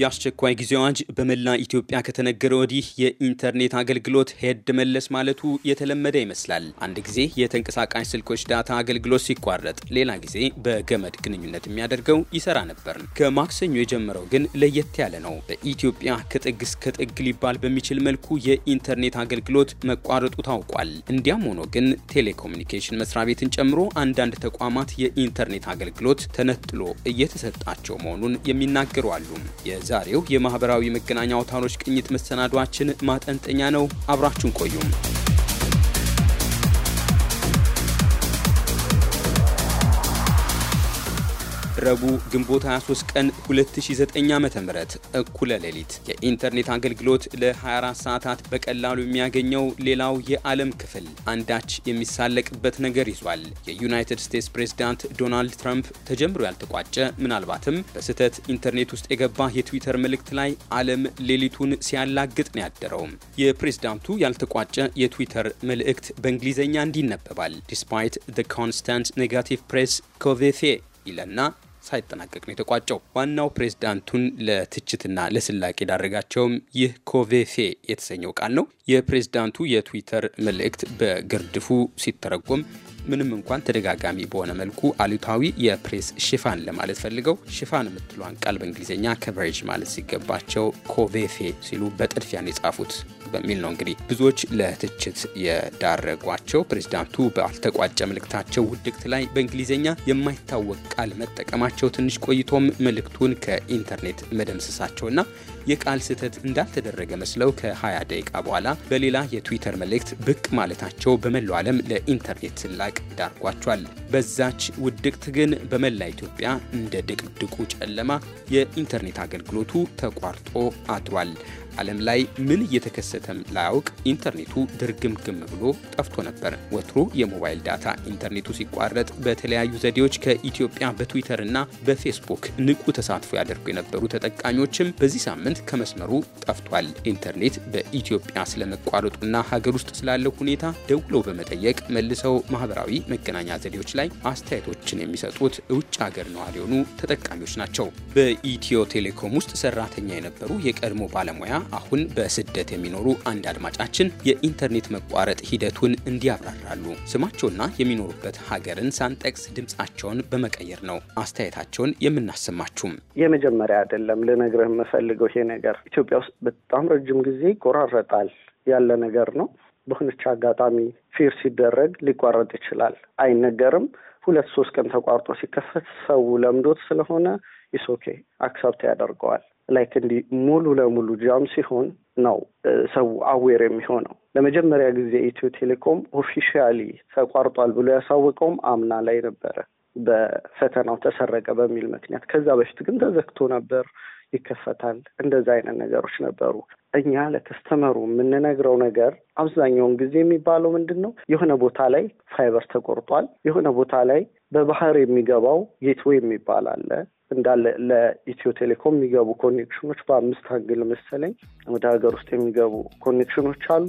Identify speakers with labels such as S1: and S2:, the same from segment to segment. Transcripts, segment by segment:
S1: የአስቸኳይ ጊዜ አዋጅ በመላ ኢትዮጵያ ከተነገረ ወዲህ የኢንተርኔት አገልግሎት ሄድ መለስ ማለቱ የተለመደ ይመስላል። አንድ ጊዜ የተንቀሳቃሽ ስልኮች ዳታ አገልግሎት ሲቋረጥ፣ ሌላ ጊዜ በገመድ ግንኙነት የሚያደርገው ይሰራ ነበር። ከማክሰኞ የጀመረው ግን ለየት ያለ ነው። በኢትዮጵያ ከጥግ እስከ ጥግ ሊባል በሚችል መልኩ የኢንተርኔት አገልግሎት መቋረጡ ታውቋል። እንዲያም ሆኖ ግን ቴሌኮሙኒኬሽን መስሪያ ቤትን ጨምሮ አንዳንድ ተቋማት የኢንተርኔት አገልግሎት ተነጥሎ እየተሰጣቸው መሆኑን የሚናገሩ አሉ። የዛሬው የማህበራዊ መገናኛ አውታሮች ቅኝት መሰናዷችን ማጠንጠኛ ነው። አብራችሁን ቆዩም። ረቡዕ ግንቦት 23 ቀን 2009 ዓ.ም እኩለ ሌሊት የኢንተርኔት አገልግሎት ለ24 ሰዓታት በቀላሉ የሚያገኘው ሌላው የዓለም ክፍል አንዳች የሚሳለቅበት ነገር ይዟል። የዩናይትድ ስቴትስ ፕሬዝዳንት ዶናልድ ትራምፕ ተጀምሮ ያልተቋጨ ምናልባትም በስህተት ኢንተርኔት ውስጥ የገባ የትዊተር መልእክት ላይ ዓለም ሌሊቱን ሲያላግጥ ነው ያደረው። የፕሬዝዳንቱ ያልተቋጨ የትዊተር መልእክት በእንግሊዝኛ እንዲነበባል ዲስፓይት the constant negative press ይለና ሳይጠናቀቅ ነው የተቋጨው። ዋናው ፕሬዝዳንቱን ለትችትና ለስላቅ የዳረጋቸውም ይህ ኮቬፌ የተሰኘው ቃል ነው። የፕሬዝዳንቱ የትዊተር መልእክት በግርድፉ ሲተረጎም ምንም እንኳን ተደጋጋሚ በሆነ መልኩ አሉታዊ የፕሬስ ሽፋን ለማለት ፈልገው ሽፋን የምትሏን ቃል በእንግሊዝኛ ከቨሬጅ ማለት ሲገባቸው ኮቬፌ ሲሉ ነው የጻፉት በሚል ነው እንግዲህ ብዙዎች ለትችት የዳረጓቸው። ፕሬዚዳንቱ ባልተቋጨ መልእክታቸው ውድቅት ላይ በእንግሊዝኛ የማይታወቅ ቃል መጠቀማቸው ትንሽ ቆይቶም መልእክቱን ከኢንተርኔት መደምሰሳቸውና የቃል ስህተት እንዳልተደረገ መስለው ከ20 ደቂቃ በኋላ በሌላ የትዊተር መልእክት ብቅ ማለታቸው በመላው ዓለም ለኢንተርኔት ላይ ለመሳቅ ዳርጓቸዋል። በዛች ውድቅት ግን በመላ ኢትዮጵያ እንደ ድቅድቁ ጨለማ የኢንተርኔት አገልግሎቱ ተቋርጦ አድሯል። ዓለም ላይ ምን እየተከሰተም ላያውቅ ኢንተርኔቱ ድርግምግም ብሎ ጠፍቶ ነበር። ወትሮ የሞባይል ዳታ ኢንተርኔቱ ሲቋረጥ በተለያዩ ዘዴዎች ከኢትዮጵያ በትዊተር እና በፌስቡክ ንቁ ተሳትፎ ያደርጉ የነበሩ ተጠቃሚዎችም በዚህ ሳምንት ከመስመሩ ጠፍቷል። ኢንተርኔት በኢትዮጵያ ስለመቋረጡና ሀገር ውስጥ ስላለው ሁኔታ ደውለው በመጠየቅ መልሰው ማህበራዊ መገናኛ ዘዴዎች ላይ አስተያየቶችን የሚሰጡት ውጭ ሀገር ነዋሪ የሆኑ ተጠቃሚዎች ናቸው። በኢትዮ ቴሌኮም ውስጥ ሰራተኛ የነበሩ የቀድሞ ባለሙያ አሁን በስደት የሚኖሩ አንድ አድማጫችን የኢንተርኔት መቋረጥ ሂደቱን እንዲያብራራሉ። ስማቸውና የሚኖሩበት ሀገርን ሳንጠቅስ ድምፃቸውን በመቀየር ነው አስተያየታቸውን የምናሰማችሁም።
S2: የመጀመሪያ አይደለም ልነግርህ የምፈልገው ይሄ ነገር ኢትዮጵያ ውስጥ በጣም ረጅም ጊዜ ይቆራረጣል ያለ ነገር ነው። በሆነች አጋጣሚ ፊር ሲደረግ ሊቋረጥ ይችላል። አይነገርም። ሁለት ሶስት ቀን ተቋርጦ ሲከፈት ሰው ለምዶት ስለሆነ ኢስ ኦኬ አክሰፕት ያደርገዋል። ላይክ እንዲህ ሙሉ ለሙሉ ጃም ሲሆን ነው ሰው አዌር የሚሆነው። ለመጀመሪያ ጊዜ ኢትዮ ቴሌኮም ኦፊሻሊ ተቋርጧል ብሎ ያሳወቀውም አምና ላይ ነበረ በፈተናው ተሰረቀ በሚል ምክንያት። ከዛ በፊት ግን ተዘግቶ ነበር፣ ይከፈታል፣ እንደዛ አይነት ነገሮች ነበሩ። እኛ ለከስተመሩ የምንነግረው ነገር አብዛኛውን ጊዜ የሚባለው ምንድን ነው? የሆነ ቦታ ላይ ፋይበር ተቆርጧል፣ የሆነ ቦታ ላይ በባህር የሚገባው ጌትዌይ የሚባል አለ እንዳለ ለኢትዮ ቴሌኮም የሚገቡ ኮኔክሽኖች በአምስት አንግል መሰለኝ ወደ ሀገር ውስጥ የሚገቡ ኮኔክሽኖች አሉ።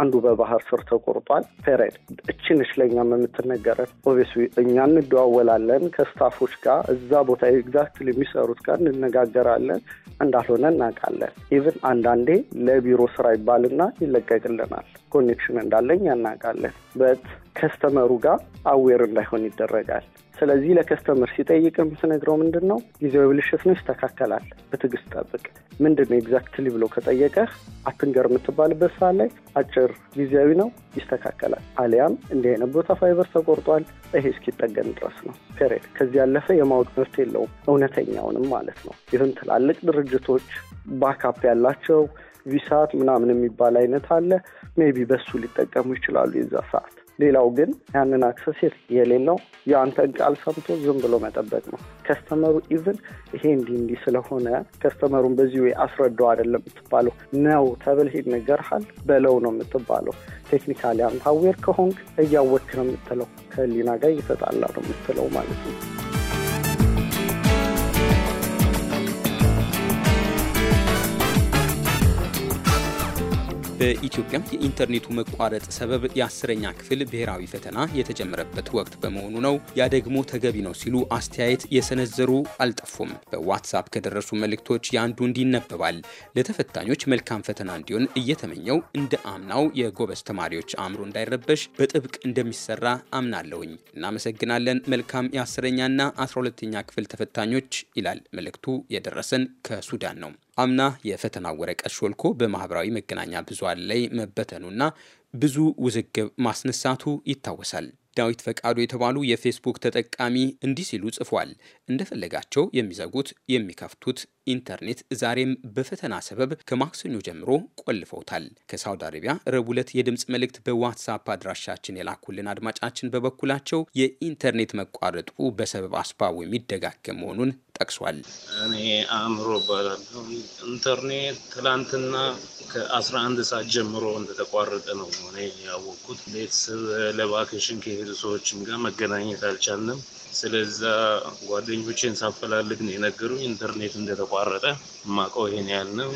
S2: አንዱ በባህር ስር ተቆርጧል። ፔሬድ እችንሽ ለእኛም የምትነገረን ኦቤስ እኛ እንደዋወላለን ከስታፎች ጋር እዛ ቦታ ኤግዛክት የሚሰሩት ጋር እንነጋገራለን። እንዳልሆነ እናውቃለን። ኢቭን አንዳንዴ ለቢሮ ስራ ይባልና ይለቀቅልናል። ኮኔክሽን እንዳለኝ እናውቃለን በት ከስተመሩ ጋር አዌር እንዳይሆን ይደረጋል። ስለዚህ ለከስተመር ሲጠይቅም ስነግረው ምንድን ነው ጊዜያዊ ብልሽት ነው፣ ይስተካከላል፣ በትግስት ጠብቅ። ምንድን ነው ኤግዛክትሊ ብሎ ከጠየቀህ አትንገር የምትባልበት ሰዓት ላይ አጭር ጊዜያዊ ነው፣ ይስተካከላል። አሊያም እንዲህ አይነት ቦታ ፋይበር ተቆርጧል፣ ይሄ እስኪጠገን ድረስ ነው ፔሬድ። ከዚህ ያለፈ የማወቅ መብት የለውም። እውነተኛውንም ማለት ነው። ይህን ትላልቅ ድርጅቶች ባካፕ ያላቸው ቪሳት ምናምን የሚባል አይነት አለ። ሜቢ በሱ ሊጠቀሙ ይችላሉ የዛ ሰዓት ሌላው ግን ያንን አክሰስ የሌለው የአንተን ቃል ሰምቶ ዝም ብሎ መጠበቅ ነው። ከስተመሩ ኢቭን ይሄ እንዲህ እንዲህ ስለሆነ ከስተመሩን በዚህ ወይ አስረዳው አይደለም የምትባለው ነው ተብል ሄድ ነገርሃል በለው ነው የምትባለው። ቴክኒካሊ አንተ አዌር ከሆንክ እያወክ ነው የምትለው። ከህሊና ጋር እየተጣላ ነው የምትለው ማለት ነው።
S1: በኢትዮጵያ የኢንተርኔቱ መቋረጥ ሰበብ የአስረኛ ክፍል ብሔራዊ ፈተና የተጀመረበት ወቅት በመሆኑ ነው። ያ ደግሞ ተገቢ ነው ሲሉ አስተያየት የሰነዘሩ አልጠፉም። በዋትሳፕ ከደረሱ መልእክቶች የአንዱ እንዲህ ይነበባል። ለተፈታኞች መልካም ፈተና እንዲሆን እየተመኘው እንደ አምናው የጎበዝ ተማሪዎች አእምሮ እንዳይረበሽ በጥብቅ እንደሚሰራ አምናለሁኝ። እናመሰግናለን። መልካም የአስረኛና አስራ ሁለተኛ ክፍል ተፈታኞች ይላል መልእክቱ የደረሰን ከሱዳን ነው። አምና የፈተና ወረቀት ሾልኮ በማህበራዊ መገናኛ ብዙሃን ላይ መበተኑና ብዙ ውዝግብ ማስነሳቱ ይታወሳል። ዳዊት ፈቃዱ የተባሉ የፌስቡክ ተጠቃሚ እንዲህ ሲሉ ጽፏል። እንደፈለጋቸው የሚዘጉት የሚከፍቱት ኢንተርኔት ዛሬም በፈተና ሰበብ ከማክሰኞ ጀምሮ ቆልፈውታል። ከሳውዲ አረቢያ ረቡዕ ዕለት የድምፅ መልእክት በዋትሳፕ አድራሻችን የላኩልን አድማጫችን በበኩላቸው የኢንተርኔት መቋረጡ በሰበብ አስባቡ የሚደጋገም መሆኑን ጠቅሷል። እኔ አእምሮ ባላለሁ ኢንተርኔት ትላንትና ከ11 ሰዓት ጀምሮ እንደተቋረጠ ነው እኔ ያወቅኩት። ቤተሰብ ለቫኬሽን ከሄዱ ሰዎችም ጋር መገናኘት አልቻልንም። ስለዛ ጓደኞቼን ሳፈላልግ ነው የነገሩኝ ኢንተርኔት እንደተቋረጠ። ማቀው ይሄን ያህል ነው።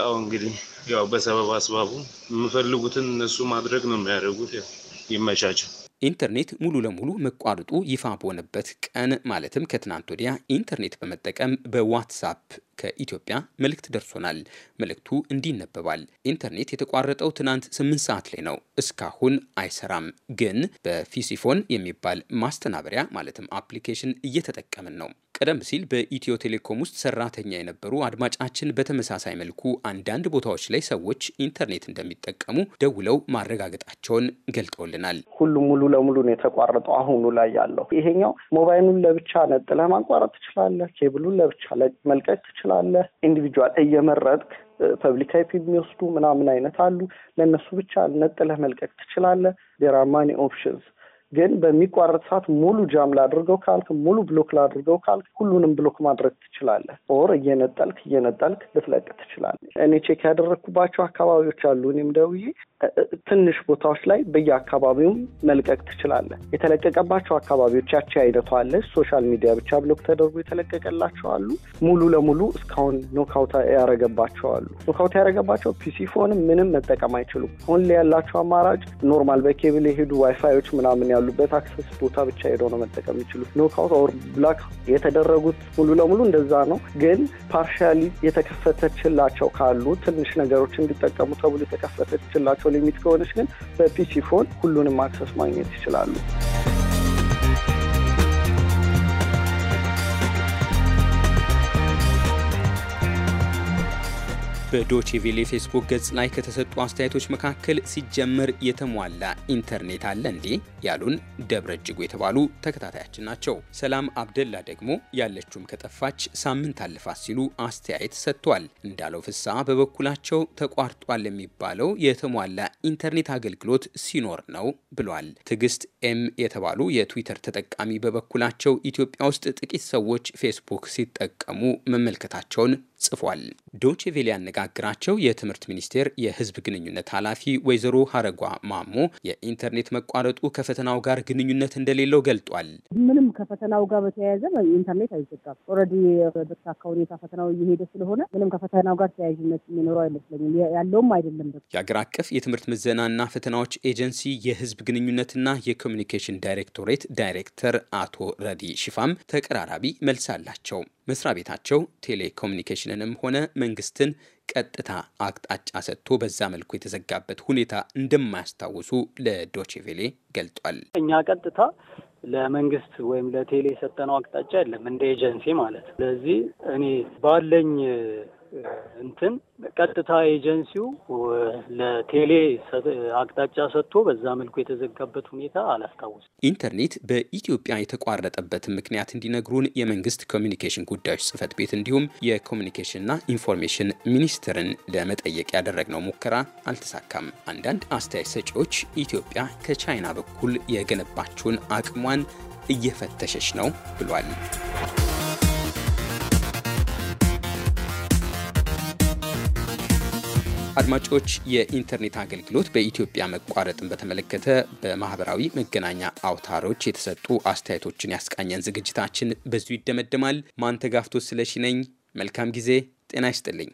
S1: አሁ እንግዲህ ያው በሰበብ አስባቡ የምፈልጉትን እነሱ ማድረግ ነው የሚያደርጉት። ያው ይመቻቸው። ኢንተርኔት ሙሉ ለሙሉ መቋረጡ ይፋ በሆነበት ቀን ማለትም ከትናንት ወዲያ ኢንተርኔት በመጠቀም በዋትሳፕ ከኢትዮጵያ መልእክት ደርሶናል። መልእክቱ እንዲህ ይነበባል። ኢንተርኔት የተቋረጠው ትናንት ስምንት ሰዓት ላይ ነው። እስካሁን አይሰራም፣ ግን በፊሲፎን የሚባል ማስተናበሪያ ማለትም አፕሊኬሽን እየተጠቀምን ነው። ቀደም ሲል በኢትዮ ቴሌኮም ውስጥ ሰራተኛ የነበሩ አድማጫችን በተመሳሳይ መልኩ አንዳንድ ቦታዎች ላይ ሰዎች ኢንተርኔት እንደሚጠቀሙ ደውለው ማረጋገጣቸውን ገልጠውልናል።
S2: ሁሉም ሙሉ ለሙሉ ነው የተቋረጠው። አሁኑ ላይ ያለው ይሄኛው ሞባይሉን ለብቻ ነጥ ማቋረጥ ትችላለህ። ኬብሉን ለብቻ መልቀቅ ትችላለህ ትችላለህ። ኢንዲቪጁዋል እየመረጥክ ፐብሊክ አይፒ የሚወስዱ ምናምን አይነት አሉ። ለእነሱ ብቻ ነጥለህ መልቀቅ ትችላለህ። ዴር አር ማኒ ኦፕሽንስ ግን በሚቋረጥ ሰዓት ሙሉ ጃም ላድርገው ካልክ፣ ሙሉ ብሎክ ላድርገው ካልክ ሁሉንም ብሎክ ማድረግ ትችላለህ። ኦር እየነጠልክ እየነጠልክ ልትለቅ ትችላለህ። እኔ ቼክ ያደረግኩባቸው አካባቢዎች አሉ። እኔም ደውዬ ትንሽ ቦታዎች ላይ በየአካባቢውም መልቀቅ ትችላለህ። የተለቀቀባቸው አካባቢዎች ያቺ አይነቷ አለ። ሶሻል ሚዲያ ብቻ ብሎክ ተደርጎ የተለቀቀላቸው አሉ። ሙሉ ለሙሉ እስካሁን ኖካውታ ያረገባቸው አሉ። ኖካውት ያረገባቸው ፒሲ ፎንም ምንም መጠቀም አይችሉም። አሁን ላይ ያላቸው አማራጭ ኖርማል በኬብል የሄዱ ዋይፋዮች ምናምን ያሉ ባሉበት አክሰስ ቦታ ብቻ ሄደው ነው መጠቀም የሚችሉት። ኖክአውት ኦር ብላክ የተደረጉት ሙሉ ለሙሉ እንደዛ ነው። ግን ፓርሻሊ የተከፈተችላቸው ካሉ ትንሽ ነገሮች እንዲጠቀሙ ተብሎ የተከፈተችላቸው ሊሚት ከሆነች ግን በፒሲ ፎን ሁሉንም አክሰስ ማግኘት ይችላሉ።
S1: በዶቼቬሌ ፌስቡክ ገጽ ላይ ከተሰጡ አስተያየቶች መካከል ሲጀመር የተሟላ ኢንተርኔት አለ እንዴ ያሉን ደብረ እጅጉ የተባሉ ተከታታያችን ናቸው። ሰላም አብደላ ደግሞ ያለችውም ከጠፋች ሳምንት አልፋት ሲሉ አስተያየት ሰጥቷል። እንዳለው ፍሳ በበኩላቸው ተቋርጧል የሚባለው የተሟላ ኢንተርኔት አገልግሎት ሲኖር ነው ብሏል። ትዕግስት ኤም የተባሉ የትዊተር ተጠቃሚ በበኩላቸው ኢትዮጵያ ውስጥ ጥቂት ሰዎች ፌስቡክ ሲጠቀሙ መመልከታቸውን ጽፏል። ዶቼ ቬለ ያነጋግራቸው የትምህርት ሚኒስቴር የህዝብ ግንኙነት ኃላፊ ወይዘሮ ሀረጓ ማሞ የኢንተርኔት መቋረጡ ከፈተናው ጋር ግንኙነት እንደሌለው ገልጧል።
S2: ምንም ከፈተናው ጋር በተያያዘ ኢንተርኔት አይዘጋም። ኦልሬዲ በተሳካ ሁኔታ ፈተናው እየሄደ ስለሆነ ምንም ከፈተናው ጋር ተያያዥነት የሚኖረው አይመስለኝም፣ ያለውም አይደለም።
S1: የአገር አቀፍ የትምህርት ምዘናና ፈተናዎች ኤጀንሲ የህዝብ ግንኙነትና የኮሚኒኬሽን ዳይሬክቶሬት ዳይሬክተር አቶ ረዲ ሽፋም ተቀራራቢ መልስ አላቸው። መስሪያ ቤታቸው ቴሌኮሙኒኬሽንንም ሆነ መንግስትን ቀጥታ አቅጣጫ ሰጥቶ በዛ መልኩ የተዘጋበት ሁኔታ እንደማያስታውሱ ለዶቼቬሌ ገልጧል።
S2: እኛ ቀጥታ ለመንግስት ወይም ለቴሌ የሰጠነው አቅጣጫ የለም እንደ ኤጀንሲ ማለት። ስለዚህ እኔ ባለኝ እንትን ቀጥታ ኤጀንሲው ለቴሌ አቅጣጫ ሰጥቶ በዛ መልኩ የተዘጋበት ሁኔታ አላስታውስም።
S1: ኢንተርኔት በኢትዮጵያ የተቋረጠበት ምክንያት እንዲነግሩን የመንግስት ኮሚኒኬሽን ጉዳዮች ጽህፈት ቤት እንዲሁም የኮሚኒኬሽንና ኢንፎርሜሽን ሚኒስትርን ለመጠየቅ ያደረግነው ሙከራ አልተሳካም። አንዳንድ አስተያየት ሰጪዎች ኢትዮጵያ ከቻይና በኩል የገነባችውን አቅሟን እየፈተሸች ነው ብሏል። አድማጮች የኢንተርኔት አገልግሎት በኢትዮጵያ መቋረጥን በተመለከተ በማህበራዊ መገናኛ አውታሮች የተሰጡ አስተያየቶችን ያስቃኘን ዝግጅታችን በዚሁ ይደመደማል። ማንተጋፍቶ ስለሺ ነኝ። መልካም ጊዜ። ጤና ይስጥልኝ።